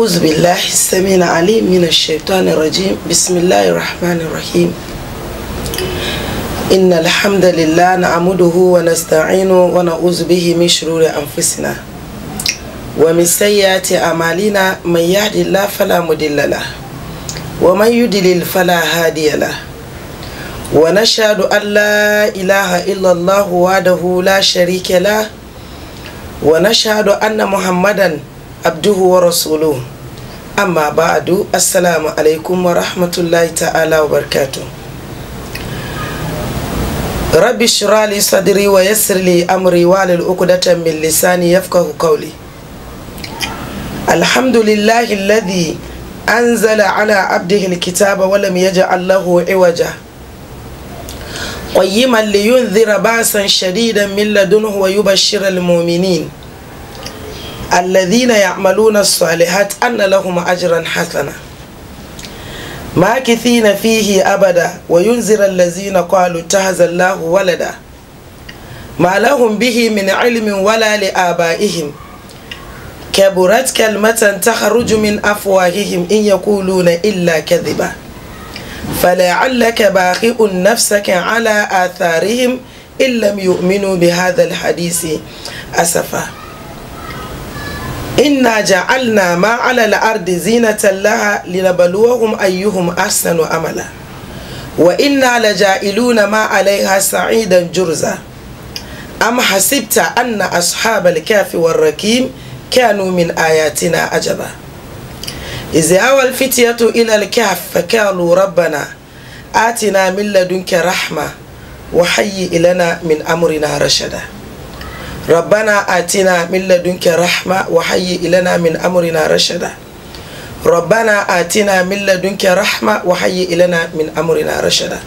أعوذ بالله السميع العليم من الشيطان الرجيم بسم الله الرحمن الرحيم إن الحمد لله نعمده ونستعينه ونعوذ به من شرور أنفسنا ومن سيئات أعمالنا من يهد الله فلا مضل له ومن يضلل فلا هادي له ونشهد أن لا إله إلا الله وحده لا شريك له ونشهد أن محمدا abduhu wa rasuluhu amma ba'adu assalamu alaikum wa rahmatullahi ta'ala wa barkatu rabbi shirali sadri wa yassirli amri wa lil min lisani yafqahu qawli alhamdulillahi alladhi anzala ala abdihi alkitaba wa lam yaj'al lahu iwaja qayyiman liyunzira ba'san shadidan min ladunhu wa yubashshira almu'minin الذين يعملون الصالحات أن لهم أجرا حسنا ماكثين فيه أبدا وينذر الذين قالوا اتخذ الله ولدا ما لهم به من علم ولا لآبائهم كبرت كلمة تخرج من أفواههم إن يقولون إلا كذبا فلعلك باخئ نفسك على آثارهم إن لم يؤمنوا بهذا الحديث أسفاً إنا جعلنا ما على الأرض زينة لها لنبلوهم أيهم أحسن عملا وإنا لجائلون ما عليها سعيدا جرزا أم حسبت أن أصحاب الكهف والركيم كانوا من آياتنا أجبا إذ أوى الفتية إلى الكهف فقالوا ربنا آتنا من لدنك رحمة وحي إلنا من أمرنا رشدا rabbana atina min rahma wa hayyi ilana min amrina rashada rabbana rahma wa ilana min rashada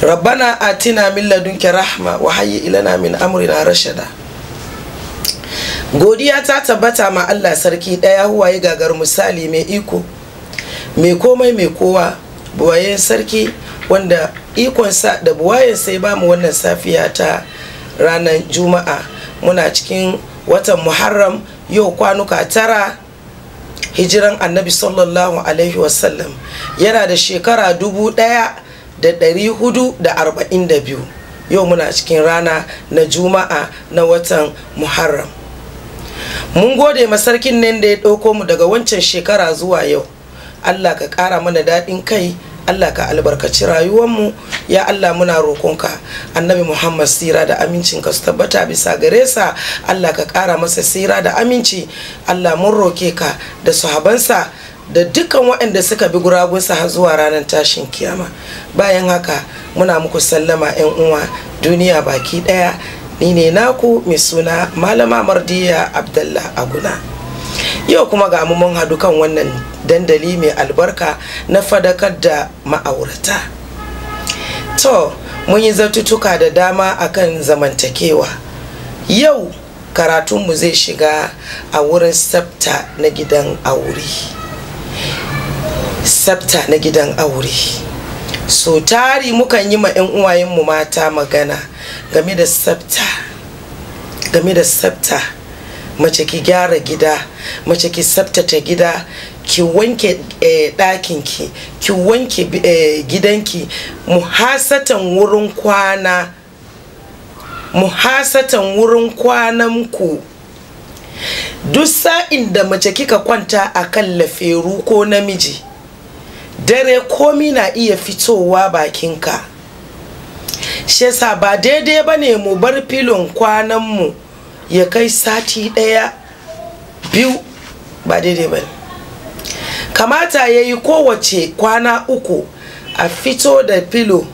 rabbana rahma wa ilana godiya ta tabbata ma Allah sarki ɗaya daya ya gagar misali mai iko mai komai mai kowa buwayen sarki wanda ikonsa da buwayensa ya bamu wannan safiya ta ranar juma'a muna cikin watan muharram yau kwanuka tara hijiran annabi sallallahu alaihi wasallam yana da shekara dubu daya da dari hudu da arba'in da biyu yau muna cikin rana na juma'a na watan muharram mun gode ma sarkin nan da ya ɗauko mu daga wancan shekara zuwa yau allah ka ƙara mana daɗin kai Allah ka albarkaci rayuwarmu ya Allah muna roƙonka annabi Muhammad sira da amincin ka su tabbata bisa gare sa Allah ka ƙara masa sira da aminci Allah mun roke ka da sahabansa da dukkan waɗanda suka bi guragunsa har zuwa ranar tashin kiyama bayan haka muna muku sallama 'yan uwa duniya baki ɗaya ni ne naku mai suna malama mardiya abdallah aguna yau kuma ga mu mun haɗu kan wannan dandali mai albarka na fadakar da ma'aurata to mun yi zartutuka da dama a kan zamantakewa yau karatunmu zai shiga a wurin sabta na gidan aure sabta na gidan aure so tari mukan yi ma 'yan uwayenmu mata magana game da sabta game da sabta mace ki gyara gida mace ki tsaftace gida ki wanke eh, ɗakinki ki wanke eh, gidanki muhasatan wurin kwana muhasatan wurin kwananku duk sa'in da mace kika kwanta a kan laferu ko namiji dare komi na iya fitowa bakinka shesa ba daidai ba ne mu bar filin kwananmu ya kai sati ɗaya biyu ba daidai ba ne kamata ya yi kowace kwana uku a fito da filo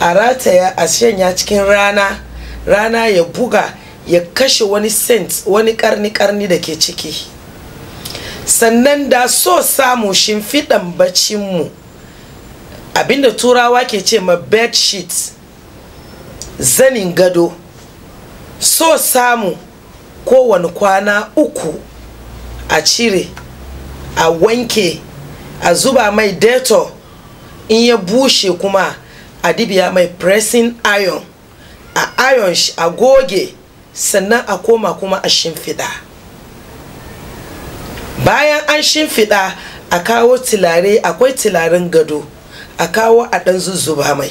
a rataya a shanya cikin rana rana ya buga ya kashe wani cent wani karni-karni da ke ciki sannan da so samu shimfiɗan bacinmu abinda turawa ke ce ma bed sheet zanin gado so samu kowane kwana uku a cire a wanke a zuba mai deto in ya bushe kuma a dibiya mai pressing iron a iron shi a goge sannan a koma kuma a shimfiɗa bayan an shimfiɗa a kawo tilare akwai tilaren gado a kawo a ɗan zuzzuba mai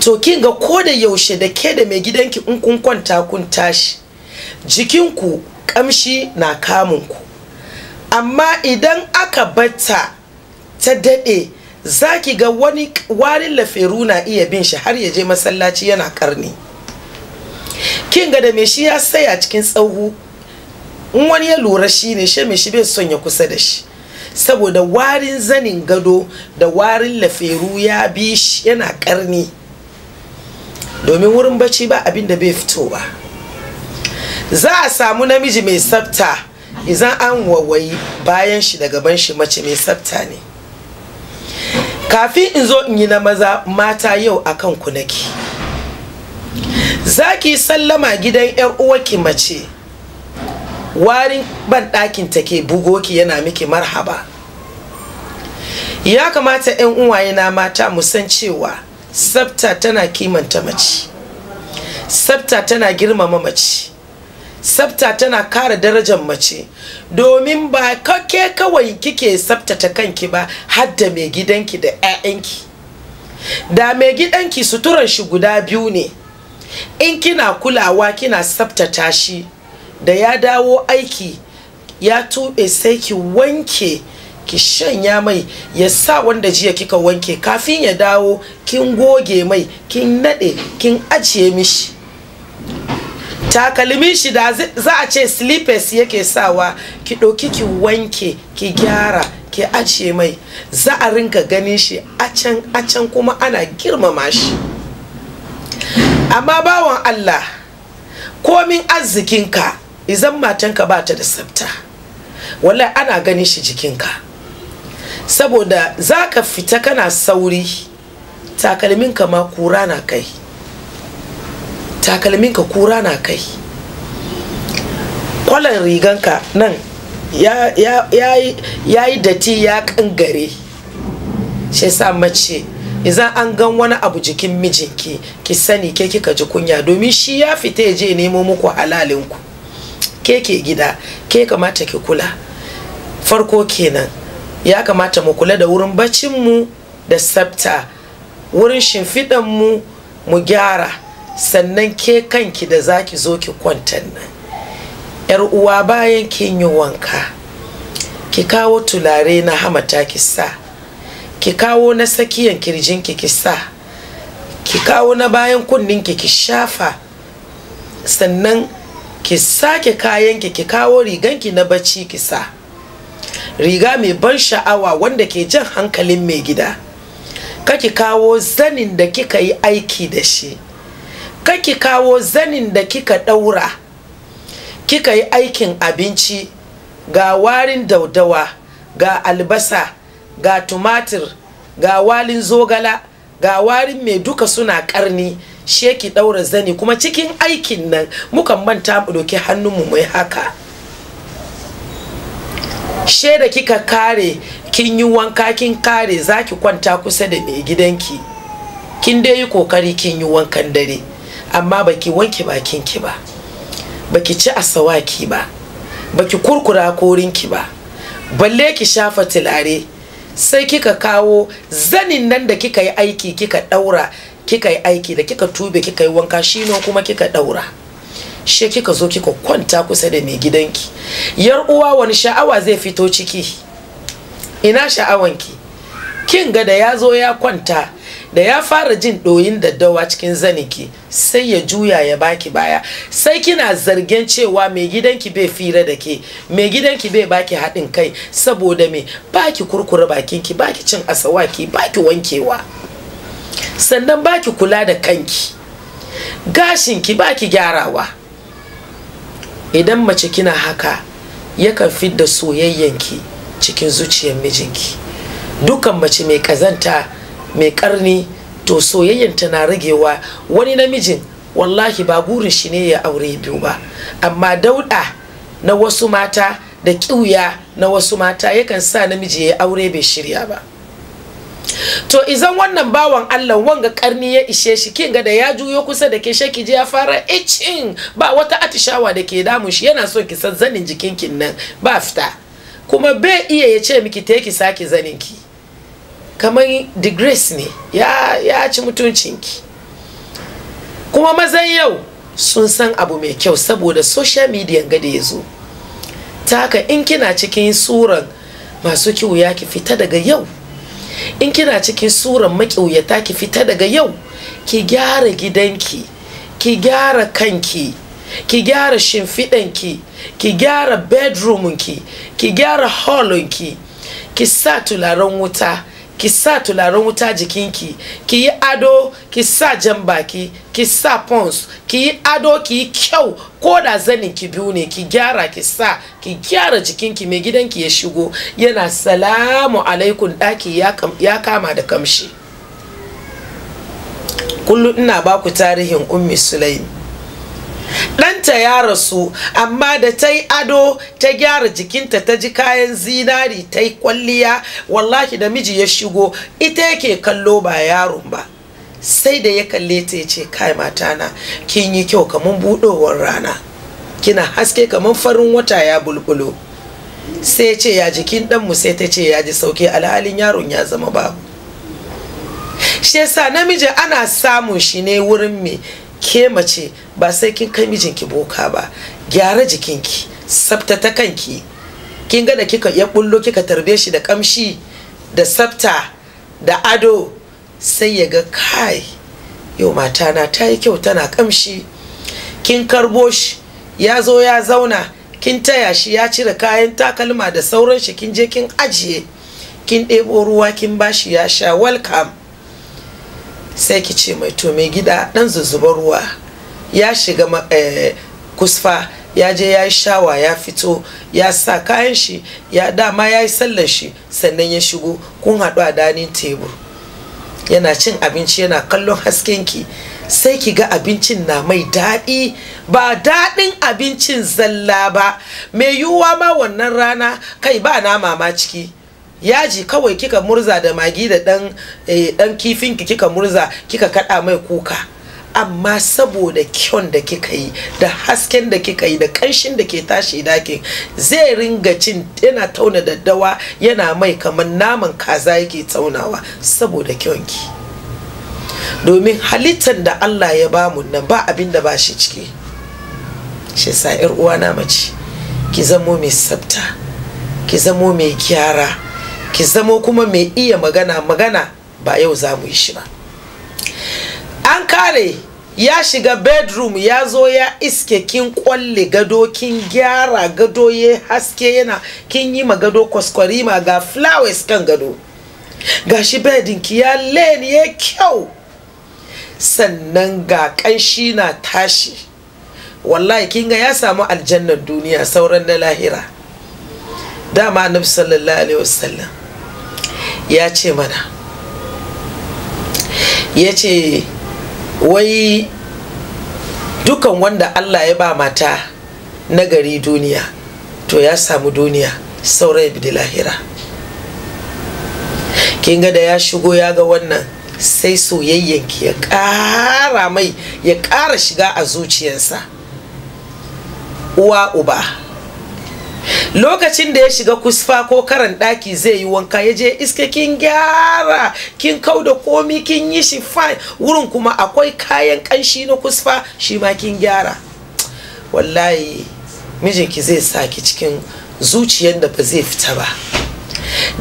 to kin ga ko da yaushe da ke da mai gidanki in kun kwanta kun tashi jikinku ƙamshi na kamunku amma idan aka bata ta daɗe za ki ga wani warin laferu na iya bin shi har ya je masallaci yana karni kin ga da me shi ya saya cikin tsawo in wani ya lura shi ne shi me shi bai son ya kusa da shi saboda warin zanin gado da warin laferu ya bi shi yana karni domin wurin bacci ba abinda bai fito ba za a samu namiji mai tsafta Izan an wawayi bayan shi da gaban shi mace mai tsafta ne kafin in zo in yi na maza mata yau akan ku nake za ki sallama gidan yar uwarki mace warin ban ɗakin ta ke bugo ki yana miki marhaba ya kamata 'yan uwaye na mata mu san cewa tsafta tana kimanta mace tsafta tana girmama mace sabta tana kara darajar mace domin ba kake kawai kike tsaftace kanki ba har da mai gidanki da 'ya'yanki da mai gidanki suturan shi guda biyu ne in kina kulawa kina sabtata shi da ya dawo aiki ya tube sai ki wanke ki shanya mai ya sa wanda jiya kika wanke kafin ya dawo kin goge mai kin nade kin ajiye mishi takalmin shi da za a ce slippers yake sawa ki ɗauki ki wanke ki gyara ki ace mai za a rinka ganin shi a can a can kuma ana girmama shi amma bawan Allah komin arzikinka izan matanka ba ta da sabta wallahi ana ganin shi jikinka saboda za ka fita kana sauri takalminka ma kura na kai takalminka kura na kai kwalan riganka nan ya yi dati ya kangare shi sa mace idan an gan wani abu jikin mijinki ki sani ke kika ji kunya domin shi ya fita ya je nemo muku halalinku ke ke gida ke kamata ki kula farko kenan ya kamata mu kula da wurin bacinmu da sabta wurin shimfidanmu mu gyara sannan ke kanki da zaki zo ki kwantan nan yar uwa bayan kin yi wanka ki kawo tulare na hamata ki sa ki kawo na sakiyan kirjinki ki sa ki kawo na bayan kunninki ki ki shafa sannan ki sake kayan ki ki kawo rigan ki na bacci ki sa riga mai ban sha'awa wanda ke jan hankalin mai gida ka ki kawo zanin da kika yi aiki da shi kake kawo zanin da kika ɗaura kika yi aikin abinci ga warin daudawa ga albasa ga tumatir ga walin zogala ga warin mai duka suna ƙarni sheki ɗaura zani kuma cikin aikin nan muka manta mu ɗauki hannunmu mai haka she da kika kare kin yi wanka kin kare zaki kwanta kusa da mai gidanki kin dai yi kokari kin yi wankan dare amma baki wanke bakin ki ba baki ci asawaki ba baki kurkura korin ki ba balle ki shafa tilare sai kika kawo zanin nan da kika yi aiki kika daura kika yi aiki da kika tube kika yi wanka shino kuma kika daura she kika zo kika kwanta kusa da mai gidanki yar uwa wani sha'awa zai fito ciki ina sha'awanki kin ga da ya zo ya kwanta da ya fara jin ɗoyin daddawa cikin zaniki sai ya juya ya baki baya sai kina zargin cewa mai gidanki bai fira da ke mai gidanki bai baki haɗin kai saboda me baki kurkura bakinki baki cin asawaki baki wankewa sannan baki kula da kanki gashinki baki gyarawa idan mace kina haka yakan fidda soyayyanki cikin zuciyar mijinki dukan mace mai kazanta mai karni to soyayyanta na ragewa wani namijin wallahi ba burin shi ne ya aure biyu ba amma dauda na wasu mata da kiwuya na wasu mata yakan sa namiji ya aure bai shirya ba to izan wannan bawan allah wanga karni ya ishe shi kin ga da ya juyo kusa da ke shaki je ya fara icin ba wata atishawa da ke damun shi yana so ki san zanin jikinkin nan ba fita kuma bai iya ya ce miki te ki sake zaninki ki kamar degrees ne ya, ya ci ki kuma mazan yau sun san abu mai kyau saboda social media gada ya zo ta in kina cikin suran masu kiwuya ki fita daga yau in kina cikin suran makiwuyata ki fita daga yau ki gyara gidanki ki gyara kanki ki gyara shimfiɗanki ki ki gyara bedroominki ki gyara hallonki ki sa tularen wuta ki sa tularen wuta jikinki ki yi ado ki sa jan baki ki sa pons ki yi ado ki yi kyau ko da zanin ki biyu ne ki gyara ki sa ki gyara jikinki mai gidanki ya shigo yana salamu alaikun daki ya kama da kamshi kullum ina baku tarihin ummi sulaimi ɗanta ya rasu amma da ta yi ado ta gyara jikinta ta ji kayan zinari ta yi kwalliya wallahi da miji ya shigo ita yake kallo ba yaron ba sai da ya kalle ta ce kai matana kin yi kyau kamar budowar rana kina haske kamar farin wata ya bulbulo sai ce ya jikin ɗanmu sai ta ce ya ji sauki alhalin yaron ya zama babu shi yasa namiji ana samun shi ne wurin mai ke mace ba sai kin kai mijinki boka ba gyara jikinki ta kanki kin ga da kika ya bullo kika tarbe shi da kamshi da tsafta da ado sai ya ga kai yau matana ta yi kyau tana kamshi kin karbo shi ya zo ya zauna kin taya shi ya cire kayan takalma da sauran shi kin je kin ajiye kin ɗebo ruwa kin bashi ya sha welcome sai ki ce mai to mai gida dan zuzuba ruwa ya shiga eh, kusfa ya je ya yi shawa ya fito ya sa kayan shi ya dama ya yi sallar shi sannan ya shigo kun haɗu a danin tebur yana cin abinci yana kallon haskenki sai ki ga abincin na mai daɗi ba daɗin abincin zalla ba mai yiwuwa ma wannan rana kai ba na mama ciki yaji kawai kika murza da magi da dan dan eh, kifinki kika murza kika kada mai kuka amma saboda kyon da kika yi da hasken da kika yi da kanshin da ke tashi dakin zai ringa cin yana tauna daddawa yana mai kamar naman kaza yake taunawa saboda kyonki domin halittar da Allah ya bamu nan ba abin da ba shi ciki shi sa uwana mace ki zamo mai sabta ki zamo mai gyara ki zamo kuma mai iya magana magana ba yau za mu yi shi ba an kare ya shiga bedroom ya zo ya iske kin kwalle gado kin gyara gado ya haske yana kin yi ma gado kwaskwarima ga flowers kan gado ga shi ki ya leni ya kyau sannan ga kanshi na tashi wallahi kin ya samu aljannar duniya sauran na lahira dama annabi sallallahu alaihi wasallam ya ce mana ya ce wai dukan wanda allah ya ba mata nagari duniya to ya samu duniya saurayi bi lahira kin ga da ya shigo ya ga wannan sai soyayyanki ya ƙara mai ya ƙara shiga a zuciyarsa uwa uba lokacin da ya shiga kusfa ko karan daki zai yi wanka ya je iske kin gyara kin kau da komi kin yi shi fine wurin kuma akwai kayan kanshi na kusfa shi ma kin gyara wallahi mijinki zai saki cikin zuciyar da ba zai fita ba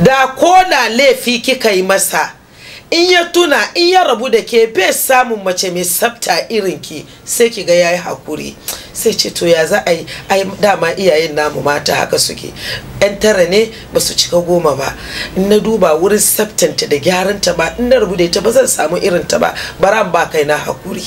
da ko na laifi kika yi masa in ya tuna in ya rabu da ke bai samun mace mai sabta irin ki sai ki ga yayi hakuri sai ce to ya za a yi ai dama iyayen namu mata haka suke yan tara ne ba su cika goma ba in na duba wurin sabtanta da gyaran ta ba in na rabu da ita ba zan samu irin ta ba baran ba kai na hakuri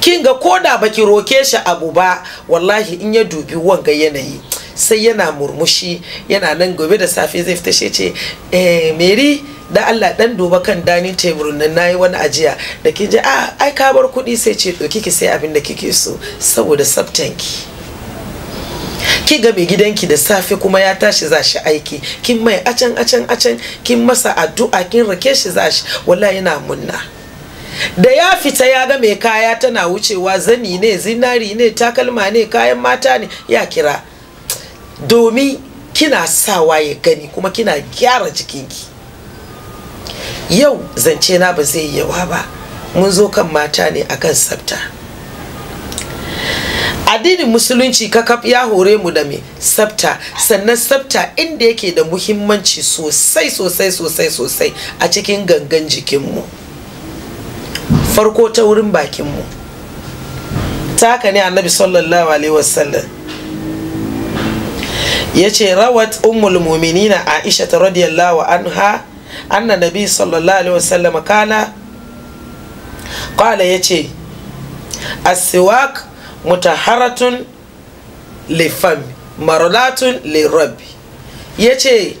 kin ga ko koda baki roke shi abu ba wallahi in ya dubi wanga yanayi sai yana murmushi yana nan gobe da safe zai fita shi ce eh meri da Allah dan duba kan dani table nan nayi wani ajiya da ki ji a ah, ai ka bar kuɗi sai ce to ki sai abin da kike so saboda sabtanki ki ga mai gidanki da safe kuma ya tashi za shi aiki kin mai can a can kin masa addu'a kin rake shi za shi wallahi yana munna da ya fita ya ga mai kaya tana wucewa zani ne zinari ne takalma ne kayan mata ne ya kira domin kina sawa ya gani kuma kina gyara jikinki yau zance na ba zai yawa ba mun zo kan mata ne akan sabta addinin musulunci kakaf ya hore mu da me sabta sannan sabta inda yake da muhimmanci sosai sosai sosai sosai a cikin gangan jikinmu farko ta wurin bakinmu ta haka ne annabi sallallahu alaihi wasallam ya ce rawat umul muminina aisha radiyallahu anha anna nabi sallallahu alaihi wasallam kana qala yace as-siwak mutaharatun lifam marulatun rabbi yace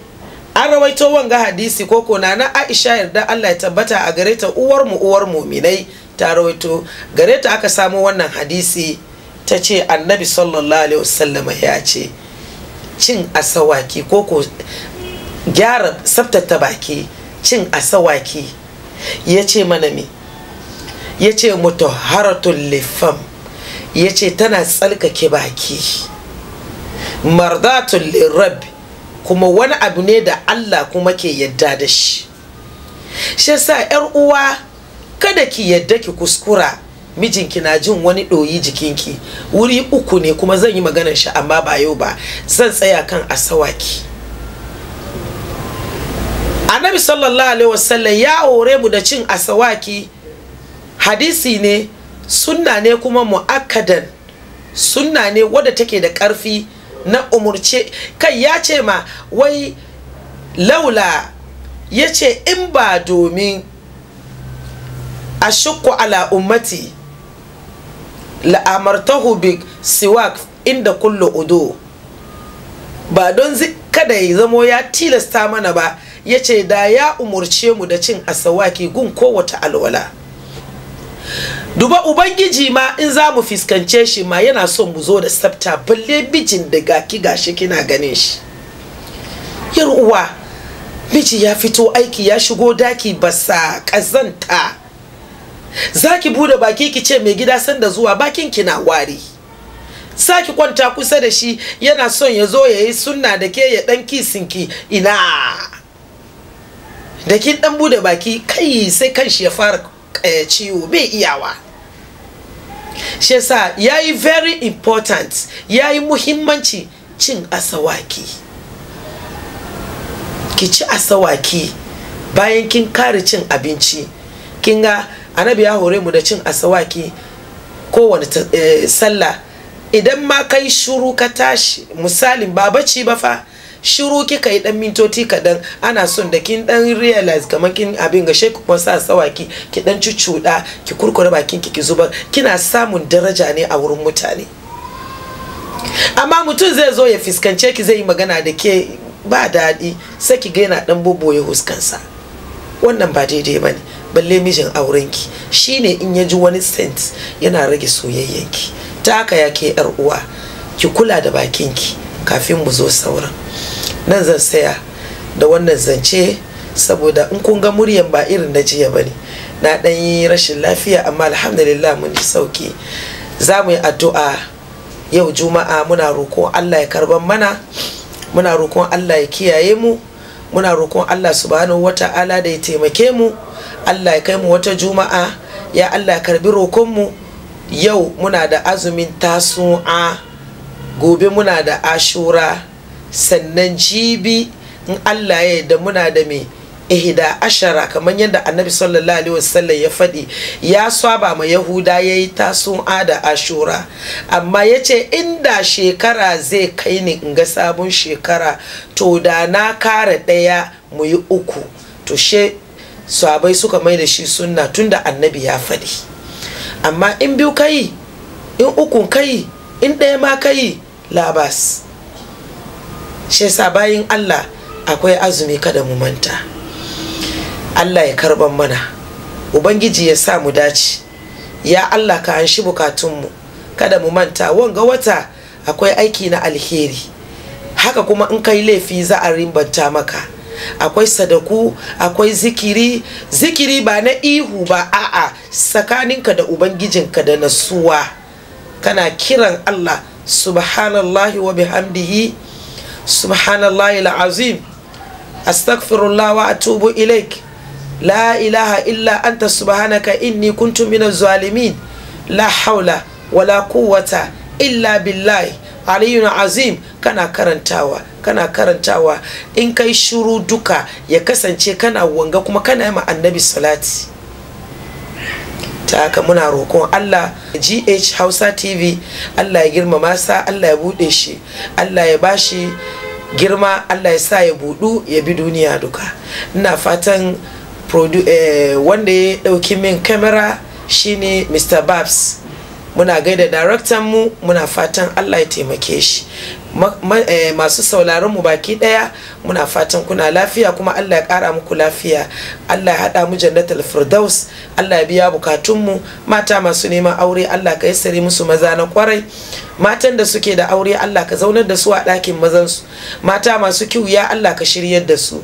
an rawaito wanga hadisi ko kona na Aisha yarda Allah ya tabbata a gare ta uwar mu uwar muminai ta rawaito gare aka samu wannan hadisi ta ce annabi sallallahu alaihi wasallam ya ce cin asawaki ko gyara tsabtata baki cin asawaki ya ce mana me ya ce mutu haratun lifam ya ce tana tsalkake baki mardatun lirab kuma wani abu ne da allah kuma ke yadda da shi shi sa yar uwa kada ki yadda ki kuskura mijinki na jin wani ɗoyi jikinki wuri uku ne kuma zan yi maganar shi amma ba yau ba zan tsaya kan asawaki annabi sallallahu alaihi wasallam ya aure mu da cin asawaki hadisi ne sunna ne kuma mu'akkadan sunna ne wadda take da ƙarfi na umurce kai ya ce ma wai laula ya ce in ba domin a shukku ala ummati la'amartahu bi siwak inda kullu udu ba don kada ya zamo ya tilasta mana ba ya ce da ya umarce mu da cin asawaki gun kowace alwala duba ubangiji ma in za mu fiskance shi ma yana son mu zo da tsafta balle bijin da gaki gashi kina ganin shi yar uwa miji ya fito aiki ya shigo daki basa kazanta za ki bude baki ki ce mai gida sanda zuwa bakin ki na wari saki kwanta kusa da shi yana son ya zo ya yi sunna da ke ya dan kisinki ina da kin dan bude baki kai sai kanshi ya fara eh, ciwo bai iyawa shi yasa yayi very important yayi muhimmanci cin asawaki ki ci asawaki bayan kin kare cin abinci kin ga annabi ya hore mu da cin asawaki kowane eh, sallah idan ma kai shuru ka tashi misalin ba bacci ba fa shiru kika yi dan mintoti kaɗan ana son da kin dan realize kamar kin abin ga sheku kuma sa sawaki ki dan cucuda ki kurkure bakin ki ki zuba kina samun daraja ne a wurin mutane amma mutum zai zo ya fiskance ki zai yi magana da ke ba daɗi sai ki ga yana dan boboye huskansa wannan ba daidai bane balle mijin aurenki shine in ya ji wani scent yana rage soyayyanki ta haka ya ke yar uwa ki kula da bakinki kafin mu zo sauran nan zan saya da wannan zance saboda in kun ga muryan ba irin na jiya bane na dan yi rashin lafiya amma alhamdulillah mun ji sauki za mu yi addu'a yau juma'a muna roƙon Allah ya karban mana muna roƙon Allah ya kiyaye mu muna roƙon Allah subhanahu wata'ala da ya taimake mu Allah ya kai mu wata juma'a ya Allah ya karbi rokonmu yau muna da azumin tasu'a gobe muna da ashura sannan jibi in Allah ya yarda muna da me ihda ashara kamar yadda annabi sallallahu alaihi wasallam ya faɗi ya saba ma yahuda ya yi tasu'a da ashura amma ya ce inda shekara zai kai ni in ga sabon shekara to da na kara ɗaya mu yi uku to she sahabai suka mai da shi sunna tunda annabi ya faɗi amma in biyu kai in ukun kai in ɗaya ma kai labas shi yasa bayin allah akwai azumi kada mu manta allah ya karban mana ubangiji ya sa mu dace ya allah ka hanshi bukatunmu kada mu manta wanga wata akwai aiki na alheri haka kuma in kai laifi za a rimbanta maka akwai sadaku akwai zikiri zikiri ba na ihu ba a'a tsakaninka da ubangijinka da nasuwa kana kiran Allah subhanallahi wa bihamdihi subhanallahi al'azim astaghfirullah wa atubu ilaik la ilaha illa anta subhanaka inni kuntu minaz zalimin la haula wala quwwata illa billahi aliyu na azim kana karantawa kana karantawa in kai shiru duka ya kasance kana wanga kuma kana yi annabi salati ta haka muna roƙon Allah GH Hausa TV Allah ya girmama sa Allah ya buɗe shi Allah ya bashi girma Allah ya sa ya buɗu ya bi duniya duka ina fatan eh, wanda ya ɗauki min kamera shine Mr. Babs muna gaida daraktan mu muna fatan allah ya taimake shi eh, masu sauraron mu baki daya muna fatan kuna lafiya kuma allah ya kara muku lafiya allah ya hada mu jannatul firdaus allah ya biya bukatun mu mata masu neman aure allah ka yi musu maza na kwarai matan da suke da aure Allah ka zaunar da su a ɗakin mazansu mata masu kyau ya Allah ka shiryar da su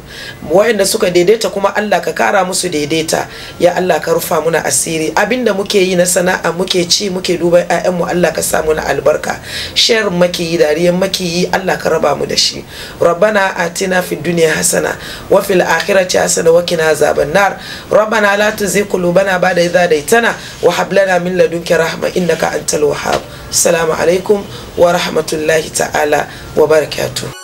waɗanda suka daidaita kuma Allah ka kara musu daidaita ya Allah ka rufa muna asiri abinda muke yi na sana'a muke ci muke duba mu Allah ka samu na albarka shayar makiyi dariyar makiyi Allah ka raba mu da shi rabbana atina fid dunya hasana wa fil akhirati hasana wa qina azaban nar rabbana la tuzigh qulubana ba'da idh hadaytana wa hab lana min ladunka rahma innaka antal wahhab assalamu alaikum alaikum wa rahmatullahi ta'ala wa barakatuh